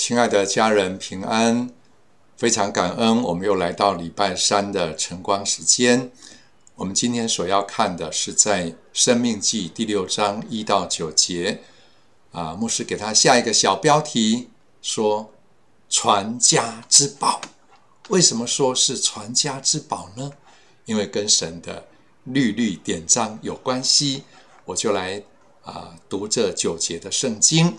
親愛的家人，平安！非常感恩，我們又來到禮拜三的晨光時間。我們今天所要看的是在《申命記》第六章一到九節。啊，牧師給他下一個小標題，說“傳家之寶”。為什麼說是傳家之寶呢？因為跟神的律律典章有關係。我就來啊，讀這九節的聖經。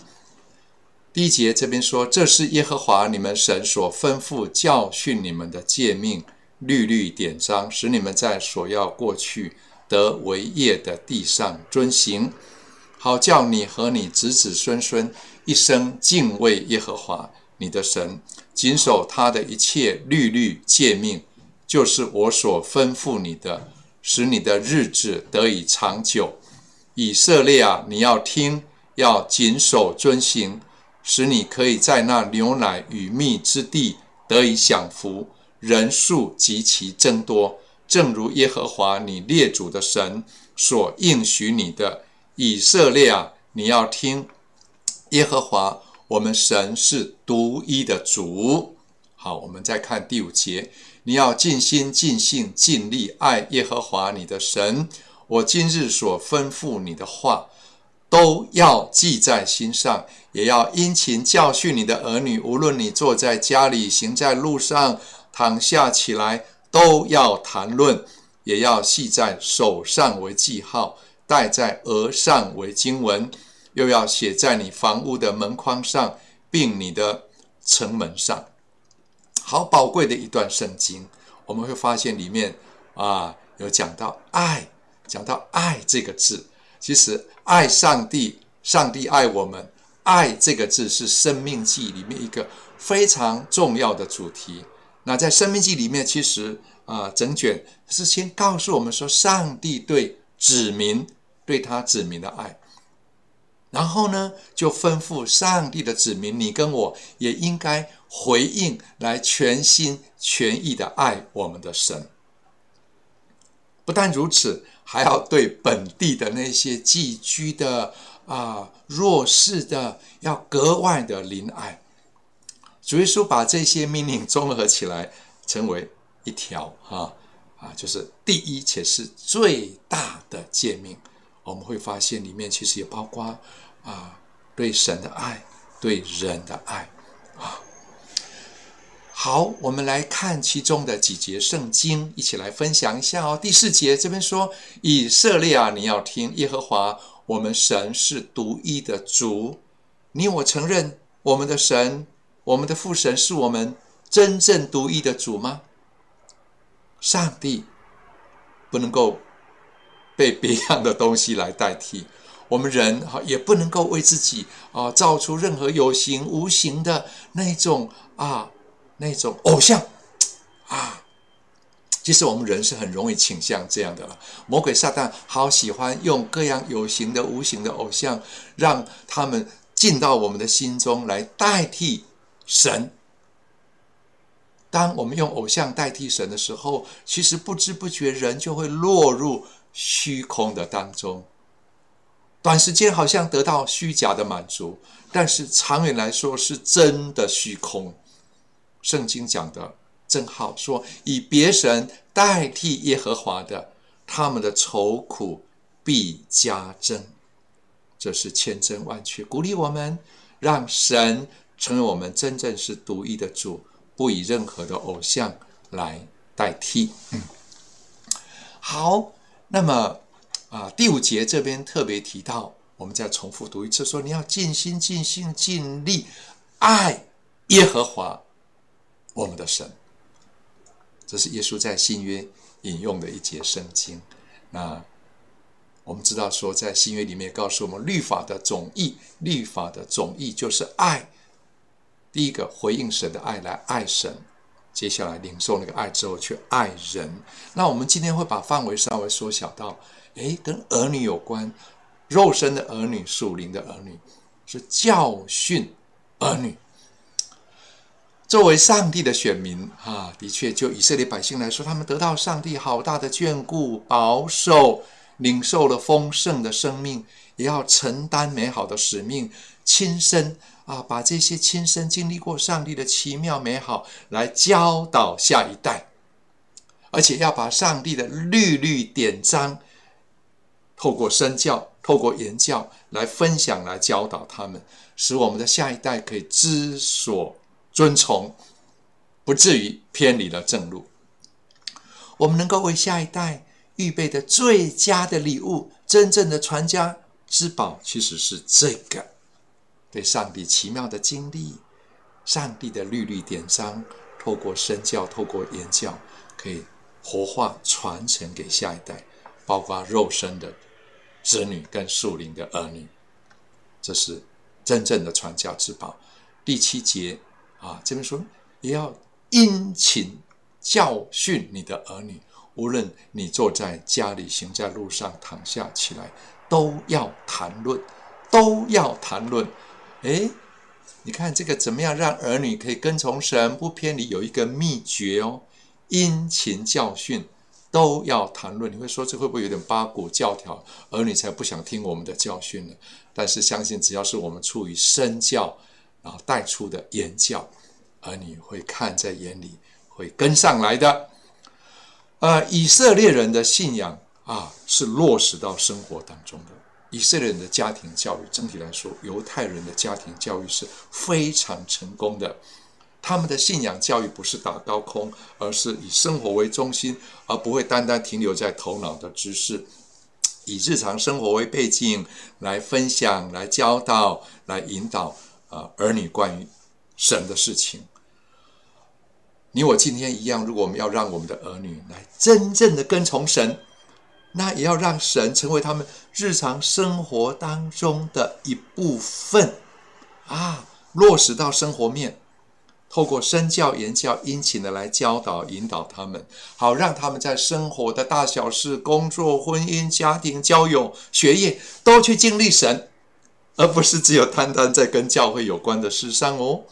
第一節這邊說：“這是耶和華你們神所吩咐教訓你們的誡命、律例典章，使你們在所要過去得為業的地上遵行，好叫你和你子子孫孫一生敬畏耶和華你的神，謹守他的一切律例誡命，就是我所吩咐你的，使你的日子得以長久。”以色列啊，你要聽，要謹守遵行。使你可以在那牛奶與蜜之地得以享福，人數極其增多，正如耶和華你列祖的神所應許你的。以色列啊，你要聽，耶和華我們神是獨一的主。好，我們再看第五節，你要盡心、盡性、盡力愛耶和華你的神。我今日所吩咐你的話，都要記在心上，也要殷勤教訓你的兒女。無論你坐在家裡，行在路上，躺下起來，都要談論，也要繫在手上為記號，戴在額上為經文，又要寫在你房屋的門框上，並你的城門上。好寶貴的一段聖經，我們會發現裡面啊，有講到愛，講到愛這個字。其實愛上帝，上帝愛我們，愛這個字是《申命記》裡面一個非常重要的主題。那在《申命記》裡面，其實啊、呃，整卷是先告訴我們說，上帝對子民對他子民的愛，然後呢，就吩咐上帝的子民，你跟我也應該回應，來全心全意的愛我們的神。不但如此。還要對本地的那些寄居的啊、呃、弱勢的，要格外的憐愛。主耶穌把這些命令綜合起來，成為一條啊啊，就是第一且是最大的誡命。我們會發現裡面其實也包括啊對神的愛，對人的愛。好，我們來看其中的幾節聖經，一起來分享一下哦。第四節這邊說：“以色列啊，你要聽耶和華，我們神是獨一的主。你我承認我們的神，我們的父神是我們真正獨一的主嗎？上帝不能夠被別樣的東西來代替，我們人啊也不能夠為自己啊造出任何有形無形的那種啊。”那種偶像啊，其實我們人是很容易傾向這樣的了。魔鬼撒旦好喜歡用各樣有形的、無形的偶像，讓他們進到我們的心中來代替神。當我們用偶像代替神的時候，其實不知不覺人就會落入虛空的當中。短時間好像得到虛假的滿足，但是長遠來說是真的虛空。聖經講的真好說，說以別神代替耶和華的，他們的愁苦必加增，這是千真萬確。鼓勵我們，讓神成為我們真正是獨一的主，不以任何的偶像來代替。嗯，好，那麼啊，第五節這邊特別提到，我們再重複讀一次說，說你要盡心、盡性盡力愛耶和華。神，這是耶穌在新約引用的一節聖經。那我們知道說，在新約裡面告訴我們，律法的總義，律法的總義就是愛。第一個回應神的愛來愛神，接下來領受那個愛之後去愛人。那我們今天會把範圍稍微縮小到，哎，跟兒女有關，肉身的兒女、屬靈的兒女，是教訓兒女。作為上帝的選民，哈、啊，的確，就以色列百姓來說，他們得到上帝好大的眷顧，保守領受了豐盛的生命，也要承擔美好的使命，親身啊，把這些親身經歷過上帝的奇妙美好來教導下一代，而且要把上帝的律律典章，透過身教、透過言教來分享、來教導他們，使我們的下一代可以知所遵從，不至於偏離了正路。我們能夠為下一代預備的最佳的禮物，真正的傳家之寶，其實是這個對上帝奇妙的經歷，上帝的律律典章，透過身教，透過言教，可以活化傳承給下一代，包括肉身的子女跟屬靈的兒女。這是真正的傳家之寶。第七節。啊，這邊說，也要殷勤教訓你的兒女，無論你坐在家裡、行在路上、躺下起來，都要談論，都要談論。誒，你看這個怎麼樣讓兒女可以跟從神不偏離？有一個秘訣哦，殷勤教訓都要談論。你會說這會不會有點八股教條？兒女才不想聽我們的教訓呢。但是相信只要是我們處於身教。然後帶出的言教，而你會看在眼裡，會跟上來的。呃，以色列人的信仰啊，是落實到生活當中的。以色列人的家庭教育，整體來說，猶太人的家庭教育是非常成功的。他們的信仰教育不是打高空，而是以生活為中心，而不會單單停留在頭腦的知識。以日常生活為背景，來分享、來教導、來引導。啊，兒女關於神的事情，你我今天一樣。如果我們要讓我們的兒女來真正的跟從神，那也要讓神成為他們日常生活當中的一部分啊，落實到生活面，透過身教、言教，殷勤的來教導、引導他們，好讓他們在生活的大小事、工作、婚姻、家庭、交友、學業，都去經歷神。而不是只有單單在跟教會有關的事上哦，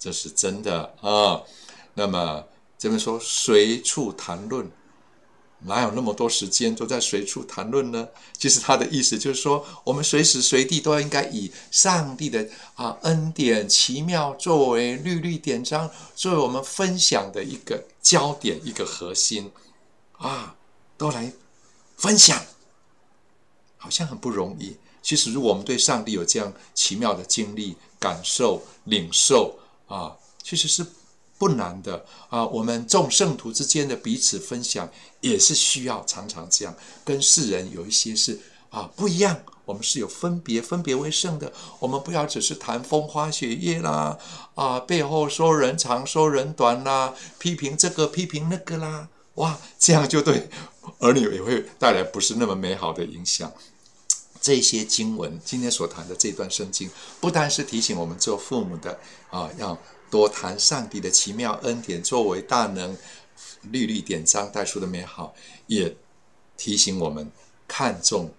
這是真的啊。那麼這邊說隨處談論，哪有那麼多時間都在隨處談論呢？其實他的意思就是說，我們隨時隨地都要應該以上帝的啊恩典、奇妙作為律例典章，作為我們分享的一個焦點、一個核心啊，都來分享，好像很不容易。其實，如果我們對上帝有這樣奇妙的經歷、感受、領受啊，其實是不難的啊。我們眾聖徒之間的彼此分享，也是需要常常這樣。跟世人有一些事啊不一樣，我們是有分別、分別為聖的。我們不要只是談風花雪月啦，啊，背後說人長、說人短啦，批評這個、批評那個啦，哇，這樣就對兒女也會帶來不是那麼美好的影響。這些經文，今天所談的這段聖經，不單是提醒我們做父母的啊，要多談上帝的奇妙恩典，作為大能律律典章帶出的美好，也提醒我們看重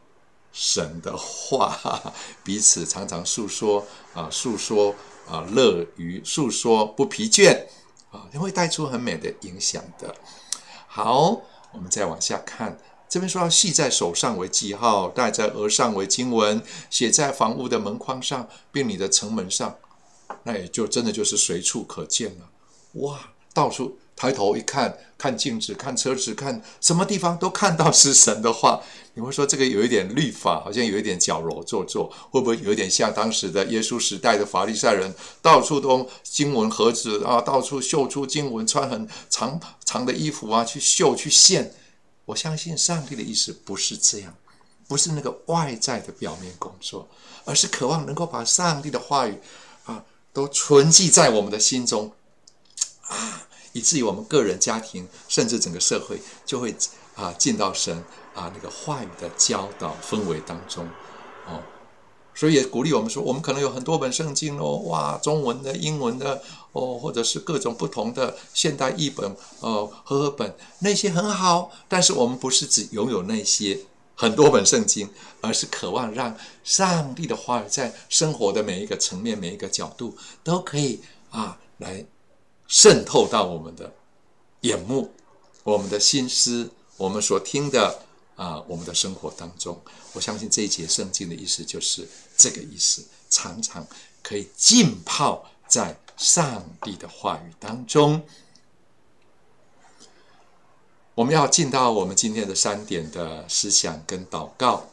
神的話，彼此常常訴說啊，訴說啊，樂於訴說，不疲倦啊，也會帶出很美的影響的。好，我們再往下看。這邊說，要繫在手上為記號，戴在額上為經文，寫在房屋的門框上，並你的城門上，那也就真的就是隨處可見了啊。哇，到處抬頭一看，看鏡子、看車子、看什麼地方都看到是神的話。你會說這個有一點律法，好像有一點矯揉造作，會不會有點像當時的耶穌時代的法利賽人，到處都經文盒子啊，到處秀出經文，穿很長長的衣服啊，去秀、去獻我相信上帝的意思不是這樣，不是那個外在的表面工作，而是渴望能夠把上帝的話語啊，都存記在我們的心中，啊，以至於我們個人、家庭，甚至整個社會，就會啊，進到神啊那個話語的教導氛圍當中，哦。所以也鼓勵我們說，我們可能有很多本聖經哦，哇，中文的、英文的，哦，或者是各種不同的現代譯本，呃，和合本那些很好。但是我們不是只擁有那些很多本聖經，而是渴望讓上帝的話語在生活的每一個層面、每一個角度都可以啊來滲透到我們的眼目、我們的心思、我們所聽的。啊，我們的生活當中，我相信這一節聖經的意思就是這個意思。常常可以浸泡在上帝的話語當中。我們要進到我們今天的三點的思想跟禱告。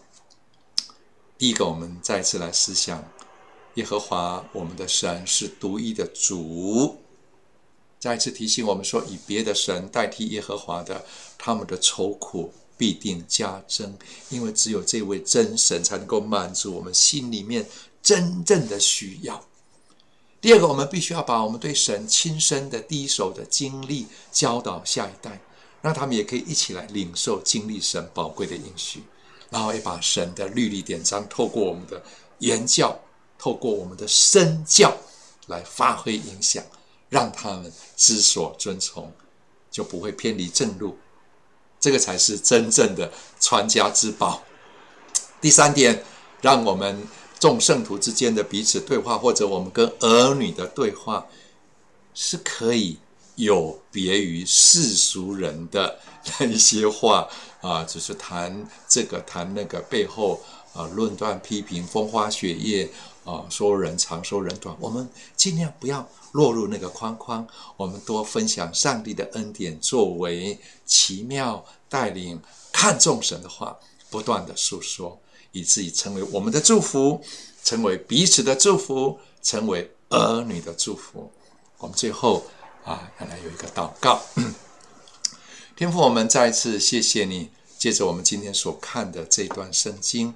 第一個，我們再次來思想耶和華，我們的神是獨一的主。再一次提醒我們說，以別的神代替耶和華的，他們的愁苦。必定加增，因為只有這位真神才能夠滿足我們心裡面真正的需要。第二個，我們必須要把我們對神親身的第一手的經歷教導下一代，讓他們也可以一起來領受經歷神寶貴的應許，然後也把神的律例典章透過我們的言教，透過我們的身教來發揮影響，讓他們知所遵從，就不會偏離正路。這個才是真正的傳家之寶。第三點，讓我們眾聖徒之間的彼此對話，或者我們跟兒女的對話，是可以有別於世俗人的那些話啊，只、就是談這個談那個背後。啊，論斷、批評、風花雪月，啊，說人長，說人短，我們盡量不要落入那個框框。我們多分享上帝的恩典作為奇妙帶領，看眾神的話不斷的訴說，以至於成為我們的祝福，成為彼此的祝福，成為兒女的祝福。我們最後啊，來有一個禱告，天父，我們再一次謝謝你，借着我們今天所看的這段聖經。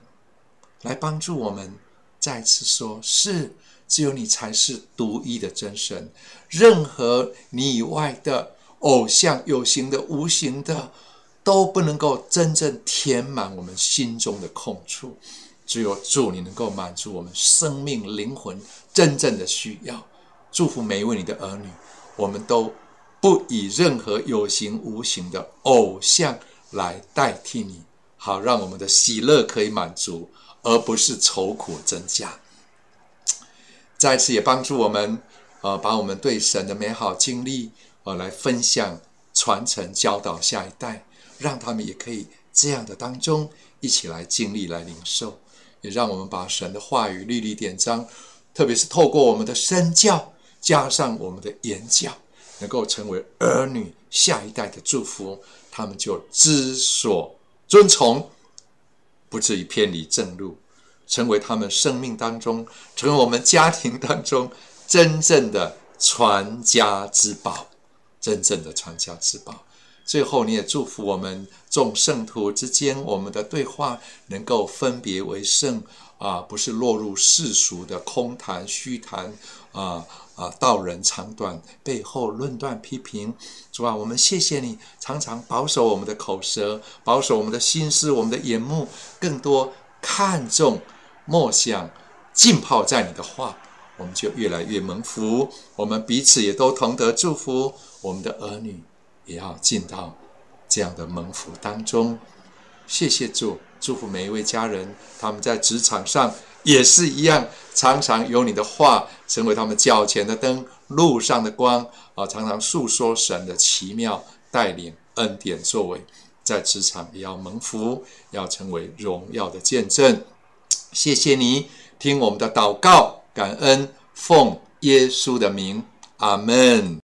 來幫助我們再次說，是只有你才是獨一的真神，任何你以外的偶像，有形的、無形的，都不能夠真正填滿我們心中的空處。只有主你能夠滿足我們生命、靈魂真正的需要。祝福每一位你的兒女，我們都不以任何有形、無形的偶像來代替你，好讓我們的喜樂可以滿足。而不是愁苦增加。再次也幫助我們，呃，把我們對神的美好經歷，呃，來分享、傳承、教導下一代，讓他們也可以這樣的當中一起來經歷、來領受。也讓我們把神的話語律例典章，特別是透過我們的身教，加上我們的言教，能夠成為兒女下一代的祝福，他們就知所遵從。不至於偏離正路，成為他們生命當中，成為我們家庭當中真正的傳家之寶，真正的傳家之寶。最後，你也祝福我們眾聖徒之間，我們的對話能夠分別為聖。啊，不是落入世俗的空談虛談，啊啊，道人長短，背後論斷批評，主啊，我們謝謝你，常常保守我們的口舌，保守我們的心思，我們的眼目，更多看重默想，浸泡在你的話，我們就越來越蒙福，我們彼此也都同得祝福，我們的兒女也要進到這樣的蒙福當中，謝謝主。祝福每一位家人，他們在職場上也是一樣，常常有你的話成為他們腳前的燈，路上的光啊！常常訴說神的奇妙帶領恩典作為，在職場也要蒙福，要成為榮耀的見證。謝謝你聽我們的禱告，感恩，奉耶穌的名，阿門。